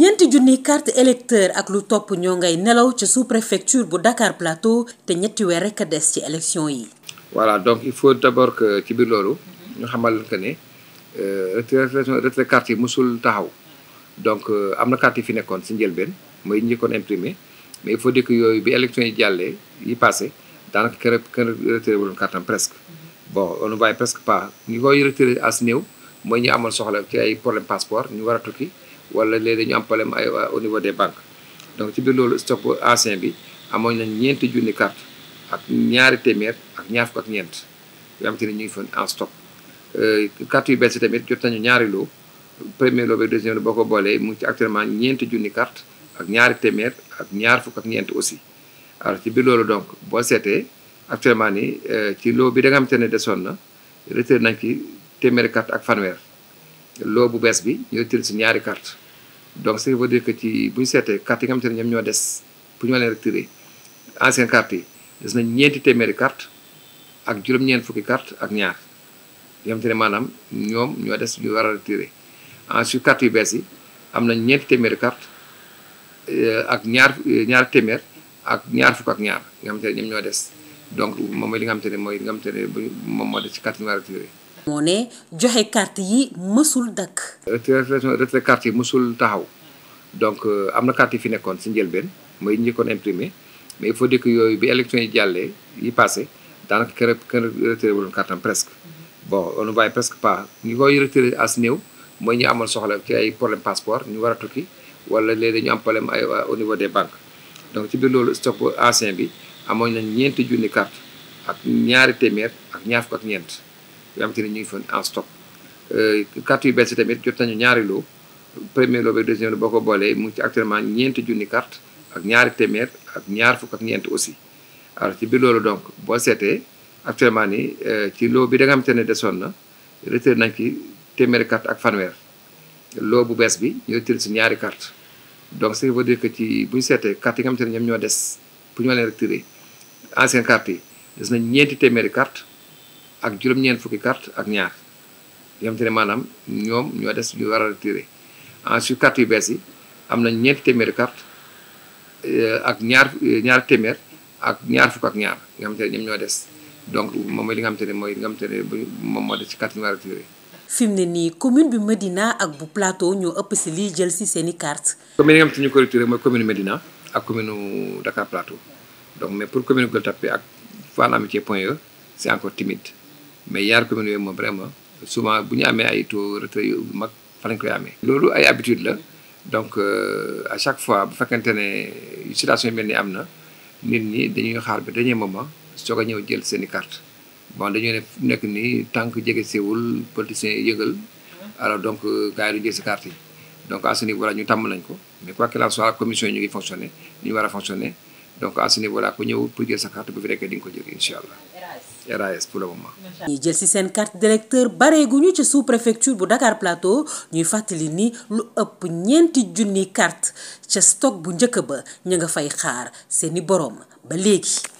ñeenti junni carte électeur ak lu topp ñoo ngay nelaw ca sous préfecture bu Dakar Plateau te ñetti weer rek a des ci élection yi. voilà donc il faut d'abord que ci biir loolu. ñu xamal que ne euh, retrait carte yi mosul taxaw. donc euh, am na carte yi fi nekkoon si njëlbeen mooy ñi kon imprimé mais il faut dire que yooyu bi élection yi jàllee yi passé daanaka kër kër retrait wuloon carte am presque. bon on ne voit presque pas ñu koy retiré as néew mooy ñu amal soxla ci ay problème passeport ñu war a tukki wala léegi dañu am problème ay au niveau des banques donc ci biir loolu stock ancien bi amoon nañ ñeenti junni carte ak ñaari téeméer ñaar fukk ñeent yoo xamante ni ñu ngi fa en stock euh, carte yu bees yi tamit jot nañu ñaari loo premier loo bi deuxième boo ko boolee mu ngi ci actuellement ñeenti junni carte ak ñaari téeméer ak ñaar fukk ak ñeent aussi alors ci biir loolu donc boo seetee actuellement nii euh, ci loo bi da nga xamante ne desoon na retiré nañ ki téeméeri carte ak fanweer loo bu bees bi ñu retiré si ñaari carte donc ça veut dire que ci bu ñu seetee carte yi nga xamante ne ñoom ñoo des bu ñu ma leen retiré ancienne carte yi des nañ ñeenti téeméeri carte ak juróom fukki carte ak ñaar yoo xamante ne maanaam ñoom ñoo des ñu war a retiré ensuite carte yu bees yi am nañ ñeenti téeméeri carte euh, ak ñaar ñaar téeméer ak ñaar fukk ak ñaar nga xamante ñoom ñoo des donc moom mooy li nga xamante ne mooy li nga xamante moom moo des ci carte noire moo ne joxe carte yi mësul dakk retrait carte yi mësul taxaw donc euh, am na carte yi fi nekkoon si njëlbeen mooy njëkkoon imprimé mais foo faut dire yooyu bi élection yi jàllee yi passé daanaka kenn kenn retiré wuloon carte am presque bo on ne voit presque pas ñi koy retiré as néew mooy ñu amoon soxla ci ay problème passeport ñu war a tukki wala léeg-léeg ñu am problème ay au niveau des banques donc ci biir loolu stock ancien bi amoon nañ ñeenti junni carte ak ñaari téeméer ak ñaar fukk ak ñeent yoo xamante ni ñu ngi fa en stock euh, carte yu bees tamit jot nañu ñaari loo premier loo ba deuxième boo ko boolee mu ci actuellement ñeenti junni carte ñaari téeméer ak ñaar fukk ak aussi alors ci biir loolu donc boo seetee actuellement ni euh, ci loo bi da nga xamante ne desoon na retiré nañ ci téeméeri carte ak fanweer loo bu bees bi ñu retiré si ñaari carte donc ce qui dire que ci bu ñu seetee carte yi nga xamante ne ñoom ñoo des pour ñu ancien carte yi des nañ ñeenti téeméeri carte ak juróom-ñeent fukki carte ak ñaar yoo xam maanaam ñoom ñoo des ñu war a retiré ensuite carte yu bees yi am nañ ñeenti téeméeri carte eh, ak ñaar eh, ñaar téeméer ak ñaar fukk ak ñaar nga ñoom ñoo des donc moom mooy li nga xam te ne mooy li nga xam moom moo des ci carte yi ñu war a retiré fi ne nii commune bi Medina ak bu plateau ñoo ëpp si lii jël si seen i carte commune yi nga xam te ñu ko retiré mooy commune Medina ak commune Dakar Plateau donc mais pour commune Gueule Tapée ak Fann Amitié Point E c' est encore timide mais yaar communes yooyu moom vraiment souvent bu ñu amee ay taux retrait yu mag fa lañ koy amee. loolu ay habitude la donc euh, à chaque fois bu fekkente ne situation yu mel ni am na nit ñi dañuy xaar bi dañuy moment soog a ñëw jël seen i carte bon dañoo ne fu nekk nii tant que jege sewul politiciens yëgal alors donc euh, gars yi du jël si carte yi donc à ce niveau là ñu tàmm nañ ko mais quoi qu'il en soit ñu war a fonctionné. donc à ce niveau là ku ñëw pour jël sa carte bu fi nekkee di nga ko jël incha allah RAS pour le moment. jël si seen carte d'électeur bareeguñu ci sous préfecture bu Dakar Plateau ñuy fàttali ni lu ëpp ñeenti junni carte ca stock bu njëkk ba ñu nga fay xaar seeni boroom ba léegi.